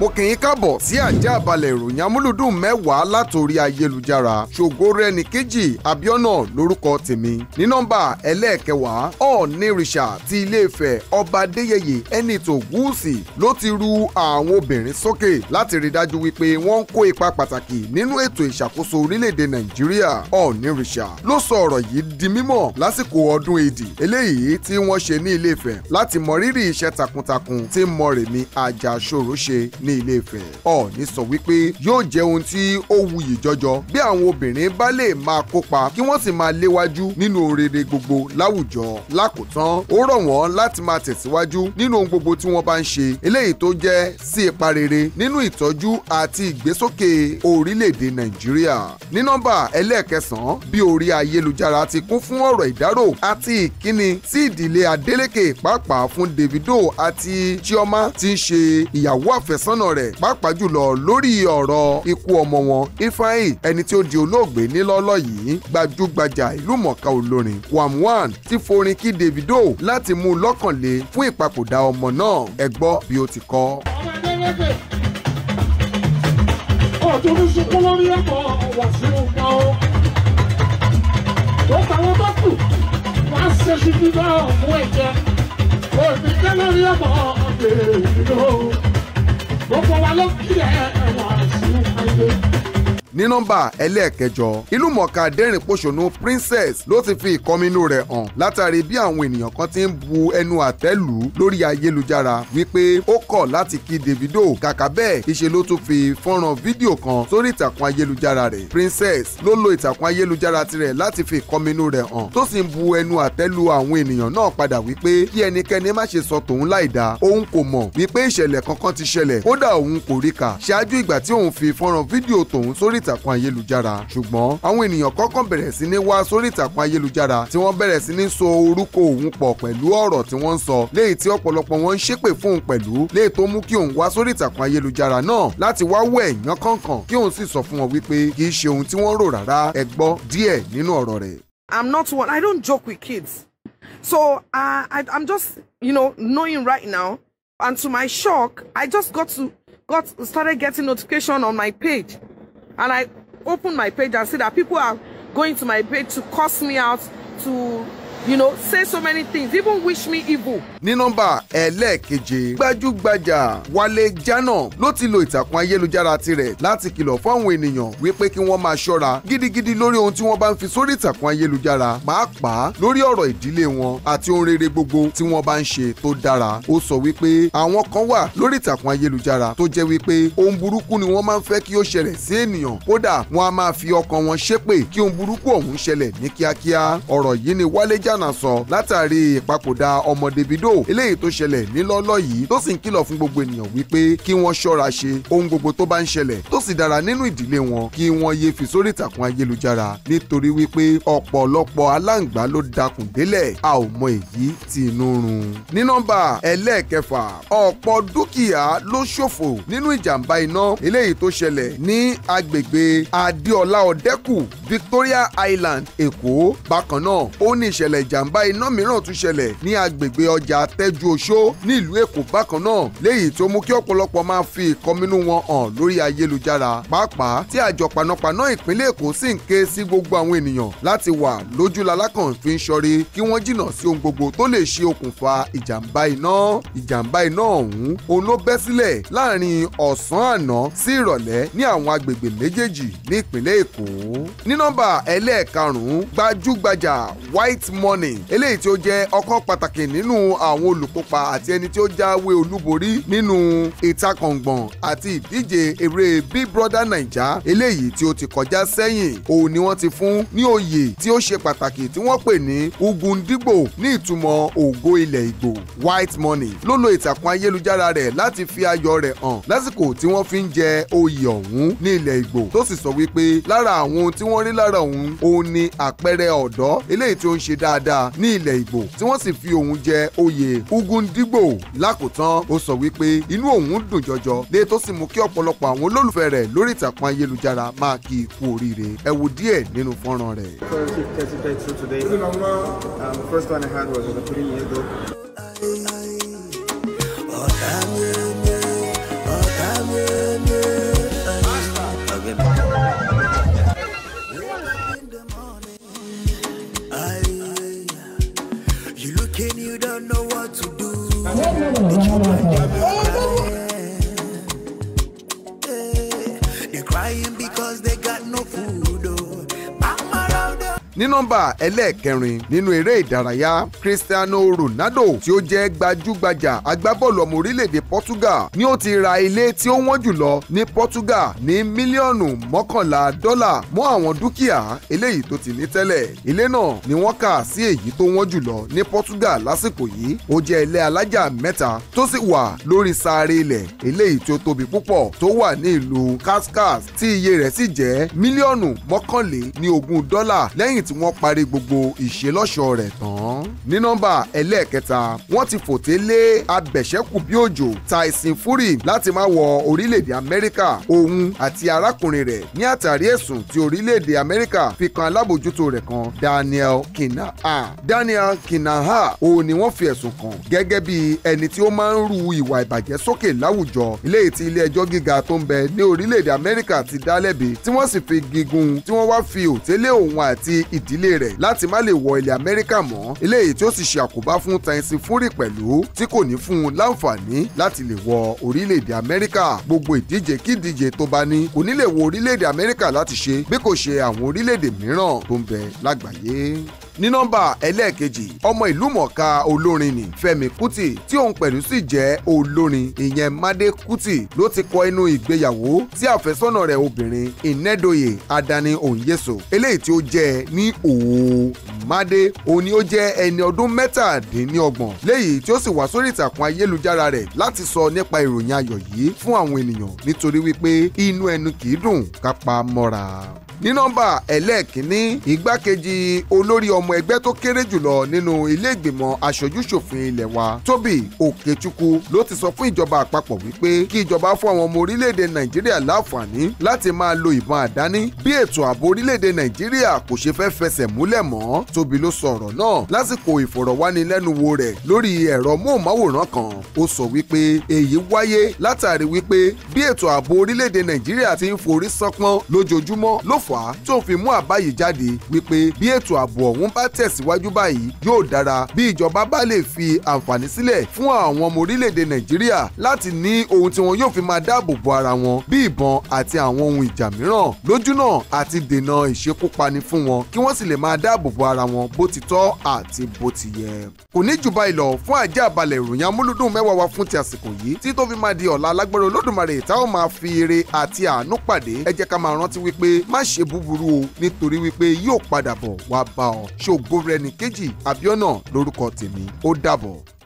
mo kì í káàbọ̀ sí àjẹ́ àbálẹ̀ ìròyìn amúlùdùn mẹ́wàá látòrí ayélujára ṣògo rẹni kejì abiona lórúkọ tèmi ní nọ́mbà ẹlẹ́ẹ̀kẹwàá ọ̀nìrìṣà ti ilé-ifẹ̀ ọba adéyẹyè ẹni tó gúúsì ló ti ru àwọn obìnrin sókè láti rí dájú wípé wọ́n ń kó ipa pàtàkì nínú ètò ìṣàkóso orílẹ̀-èdè nàìjíríà ọ̀nìrìṣà ló sọ ọ̀rọ̀ yìí di mímọ̀ lásìkò ọdún èdè eléyìí tí wọ́n ṣe ní ilé-ifẹ̀ láti mọrírì iṣẹ́ takuntakun ní ilé Ifẹ̀ Ọọ̀ni sọ wípé yóò jẹ́ ohun tí ó wuyì jọjọ bí àwọn obìnrin bá lè máa kópa kí wọ́n sì máa léwájú nínú oríire gbogbo láwùjọ lákòótán ó rọ̀ wọ́n láti máa tẹ̀síwájú nínú ohun gbogbo tí wọ́n bá ń ṣe eléyìí tó jẹ́ sí ipa rere nínú ìtọ́jú àti ìgbésókè orílẹ̀-èdè Nàìjíríà ní nọ́mbà ẹlẹ́ẹ̀kẹsàn-án bí orí ayélujára ti kún fún ọ̀rọ̀ ìdárò àti ìkíni sí ìdílé Adeleke pàápàá fún Davido àti Chioma tí ń ṣe ìyàwó àfẹ́sọ́n lọ́nà rẹ̀ pàápàá jùlọ lórí ọ̀rọ̀ ikú ọmọ wọn ifeanyi ẹni tí ó di olóògbé nílọ́lọ́ yìí gbajúgbajà ìlúmọ̀ọ́ká olórin wamwan ti forin kí davido láti mú un lọ́kànlé fún ìpapòdà ọmọ náà ẹ gbọ́ bí ó ti kọ. ọmọ ẹgbẹ́ lẹ́gbẹ̀ẹ́ ọ̀tún ń sunkún lórí ẹ̀kọ́ wàṣíù náà ó tàwọn bá kù wàá ṣe ṣubú náà mú ẹ̀jẹ̀ òfin kẹ́lẹ́rì ọmọ ọ̀gbìn ìdúró. love you. ní nọ́mbà ẹlẹ́ẹ̀kẹjọ ìlúmọ̀ọ́ká dẹ́rìn pòṣónú princess ló ti fi ìkọminú rẹ̀ hàn látàrí bí àwọn ènìyàn kan ti ń bu ẹnu àtẹ́ lù ú lórí ayélujára wípé ó kọ̀ láti kí Davido kàkà bẹ́ẹ̀ ìṣe ló tún fi fọ́nrán fídíò kan sórí ìtàkùn ayélujára rẹ̀ princess ló lo ìtàkùn ayélujára tirẹ̀ láti fi ìkọminú rẹ̀ hàn tó sì ń bu ẹnu àtẹ́ lu àwọn ènìyàn náà padà wípé kí ẹnikẹ́ni má ṣe sọ tòun láìda òun kò mọ̀ wípé ìṣẹ̀lẹ̀ kankan ti ṣẹlẹ̀ kódà òun kò rí kà ṣáájú ìgbà tí òun fi fọ́nrán fídíò tòun sórí ìt ìtàkùn ayélujára ṣùgbọ́n àwọn ènìyàn kọ́kọ́ bẹ̀rẹ̀ sí ní wá sórí ìtàkùn ayélujára tí wọ́n bẹ̀rẹ̀ sí ní so orúkọ òun pọ̀ pẹ̀lú ọ̀rọ̀ tí wọ́n ń sọ léyìí tí ọ̀pọ̀lọpọ̀ wọn ń ṣépè fún òun pẹ̀lú léyìí tó mú kí òun wá sórí ìtàkùn ayélujára náà láti wá wẹ̀ èèyàn kọ̀ọ̀kan kí òun sì sọ fún wọn wípé kì í ṣe ohun tí wọ́n rò rárá ẹ gbọ́ díẹ̀ nínú ọ̀rọ̀ rẹ̀. I'm not one. I don't joke with kids. So uh, I, I'm just, you know, knowing right now. And to my shock, I just got to got started getting notification on my page And I opened my page and see that people are going to my page to cuss me out, to you know, say so many things, even wish me evil. ní nọ́mbà ẹlẹ́ẹ̀keje gbajúgbajà Wálé Jánà ló ti lo ìtàkùn ayélujára tirẹ̀ láti kìlọ̀ fáwọn ènìyàn wípé kí wọ́n máa ṣọ́ra gidigidi lórí ohun tí wọ́n bá ń fi sórí ìtàkùn ayélujára pàápàá lórí ọ̀rọ̀ ìdílé wọn àti ohun rere gbogbo tí wọ́n bá ń ṣe tó dára ó sọ wípé àwọn kan wà lórí ìtàkùn ayélujára tó jẹ́ wípé ohun burúkú ni wọ́n máa ń fẹ́ kí jànàsàn látàrí ìpapòdà ọmọ Davido eléyìí tó ṣẹlẹ̀ nílọ́lọ́ yìí tó sì ń kìlọ̀ fún gbogbo ènìyàn wípé kí wọ́n ṣọ́ra ṣe ohun gbogbo tó bá ń ṣẹlẹ̀ tó sì dára nínú ìdílé wọn kí wọ́n yé fi sórí ìtàkùn ayélujára nítorí wípé ọ̀pọ̀lọpọ̀ aláǹgbá ló dakùn délẹ̀ a ò mọ èyí tí inú run. ní nọ́mbà ẹlẹ́ẹ̀kẹfà ọ̀pọ̀ dúkìá ló ṣòfò nínú ìjàmbá iná eléyìí tó ṣẹlẹ̀ ní agbègbè Adéọlá Ọ̀dẹ́kù Victoria Island Èkó bákan náà ó ní ìṣẹ̀lẹ̀ ìṣẹ̀lẹ̀ ìjàmbá iná mìíràn tún ṣẹlẹ̀ ní agbègbè ọjà tẹ́jú oṣó nílùú èkó bákan náà léyìí tó mú kí ọ̀pọ̀lọpọ̀ máa fi ìkọminú wọn hàn lórí ayélujára pàápàá tí àjọ panápaná ìpínlẹ̀ èkó sì ń ké sí gbogbo àwọn ènìyàn láti wà lójúlalákàn fi ń ṣọrí kí wọ́n jìnnà sí ohun gbogbo tó lè ṣe okùnfà ìjàmbá iná ìjàmbá iná ọ̀hún òun ló bẹ́ sílẹ̀ láàrin ọ̀sán àná sí ìrọ̀lẹ́ ní àwọn agbègbè méjèèjì ní ìpínlẹ̀ èkó warning eléyìí tí ó jẹ́ ọ̀kan pàtàkì nínú àwọn olùkópa àti ẹni tí ó jáwé olúborí nínú ìtakọ̀ngbọ̀n àti ìdíje eré Big Brother Naija eléyìí tí ó ti kọjá sẹ́yìn òun ni wọ́n ti fún ní oyè tí ó ṣe pàtàkì tí wọ́n pè ní Ugundigbo ní ìtumọ̀ ògo ilẹ̀ Ìgbò white money ló lo ìtàkùn ayélujára rẹ̀ láti fi ayọ̀ rẹ̀ hàn lásìkò tí wọ́n fi ń jẹ oyè ọ̀hún ní ilẹ̀ Ìgbò tó sì sọ wípé lára àwọn ohun tí wọ́n rí lára òun òun ni àpẹẹrẹ ọ̀dọ́ eléyìí tí ó ń ṣe dáadáa dáadáa ní ilẹ̀ Ìgbò tí wọ́n sì fi òun jẹ oyè Ogundigbo lákòótán ó sọ wípé inú òun dùn jọjọ lé tó sì mú kí ọ̀pọ̀lọpọ̀ àwọn olólùfẹ́ rẹ̀ lórí ìtàkùn ayélujára máa kí i kú oríire ẹ wo díẹ̀ nínú fọ́nrán rẹ̀. First one I had don't know what to do. They're crying because they got no food. ní nọ́mbà ẹlẹ́ẹ̀kẹrin nínú eré ìdárayá Cristiano Ronaldo tí ó jẹ́ gbajúgbajà agbábọ́ọ̀lù ọmọ orílẹ̀-èdè Portugal ni ó ti ra ilé tí ó wọ́n jùlọ ní Portugal ní mílíọ̀nù mọ́kànlá dọ́là mọ́ àwọn dúkìá eléyìí tó ti ní tẹ́lẹ̀ ilé náà ni wọ́n kà sí èyí tó wọ́n jùlọ ní Portugal lásìkò yìí ó jẹ́ ilé alájà mẹ́ta tó sì wà lórí sáré ilẹ̀ eléyìí tí ó tóbi púpọ̀ tó wà ní ìlú Cascais tí iye rẹ̀ sì jẹ́ mílíọ̀nù mọ́kànlé ní ogún dọ́là lẹ́yìn t tí wọ́n parí gbogbo ìṣelọ́ṣọ rẹ̀ tán. ní nọ́mbà ẹlẹ́ẹ̀kẹta wọ́n ti fòté lé abẹ̀ṣẹ́kù bí òjò Tyson Fury láti má wọ orílẹ̀-èdè Amẹ́ríkà òun àti arákùnrin rẹ̀ ní àtàrí ẹ̀sùn tí orílẹ̀-èdè Amẹ́ríkà fi kan alábòjútó rẹ̀ kan Daniel Kinaha Daniel Kinaha òun ni wọ́n fi ẹ̀sùn kàn gẹ́gẹ́ bí ẹni tí ó máa ń ru ìwà ìbàjẹ́ sókè láwùjọ iléyìí tí ilé ẹjọ́ gíga tó ń bẹ ní orílẹ̀-èdè Amẹ́ríkà ti ìdílé rẹ̀ láti má lè wọ ilẹ̀ Amẹ́ríkà mọ́ eléyìí tí ó sì ṣe àkóbá fún Tẹ́ǹsì Fúrì pẹ̀lú tí kò ní fún un láǹfààní láti lè wọ orílẹ̀-èdè Amẹ́ríkà gbogbo ìdíje kí ìdíje tó bá ní kò ní lè wọ orílẹ̀-èdè Amẹ́ríkà láti ṣe bí kò ṣe àwọn orílẹ̀-èdè mìíràn tó ń bẹ lágbàáyé ní nọ́mbà ẹlẹ́ẹ̀kejì ọmọ ìlú mọ̀ọ́ká olórin ni Fẹ́mi kuti tí òun pẹ̀lú sì jẹ́ olórin ìyẹn Mádé Kútì ló ti kọ inú ìgbéyàwó tí àfẹ́sọ́nà rẹ̀ obìnrin Ìnẹ́dòyè Adani Onyeso eléyìí tí ó jẹ́ ní òwò Made òun ni ó jẹ́ ẹni ọdún mẹ́tàdínlọ́gbọ̀n léyìí tí ó sì wá sórí ìtàkùn ayélujára rẹ̀ láti sọ nípa ìròyìn ayọ̀ yìí fún àwọn ènìyàn nítorí wípé inú ẹnu kì í dùn ká pa mọ́ra ní nọ́mbà ẹlẹ́ẹ̀kínní igbákejì olórí ọmọ ẹgbẹ́ tó kéré jùlọ nínú ilé-ìgbìmọ̀ aṣojúṣòfin ilé wa Tóbi Òkèchukwu ló ti sọ fún ìjọba àpapọ̀ wípé kí ìjọba fún àwọn ọmọ orílẹ̀-èdè Nàìjíríà láǹfààní láti máa lo ìbọn àdání bí ètò ààbò orílẹ̀-èdè Nàìjíríà kò ṣe fẹ́ fẹsẹ̀ múlẹ̀ mọ́ Tóbi ló sọ ọ̀rọ̀ náà lásìkò ìfọ̀rọ̀wánilẹ́nuwò rẹ̀ lórí ẹ̀rọ móhùnmáwòrán kan ó sọ wípé èyí wáyé látàrí wípé bí ètò ààbò orílẹ̀-èdè Nàìjíríà ti ń forí sánpọ́n lójoojúmọ́ ló fà á tó fi mú àbá yìí jáde wípé bí ètò ààbò ọ̀hún bá tẹ̀síwájú báyìí yóò dára bí ìjọba bá lè fi àǹfààní sílẹ̀ fún àwọn ọmọ orílẹ̀-èdè Nàìjíríà láti ní ohun tí wọn yóò fi máa dáàbò bo ara wọn bí ìbọn àti àwọn ohun ìjà mìíràn lójúnà àti dènà ìṣekúpani fún wọn kí wọ́n sì lè máa dáàbò bo ara ara wọn bó ti tọ́ àti bó ti yẹ. kò ní jù báyìí lọ fún àjẹ́ àbálẹ̀ ìròyìn amúlùdùn mẹ́wàá wa fún ti àsìkò yìí tí tó fi máa di ọ̀la lágbára olódùmarè tá ó máa fi ire àti àánú pàdé ẹ jẹ́ ká máa rántí wípé má ṣe búburú o nítorí wípé yóò padà bọ̀ wá bá ọ ṣògo rẹ̀ ní kejì àbíọ́nà lórúkọ tèmi ó dàbọ̀.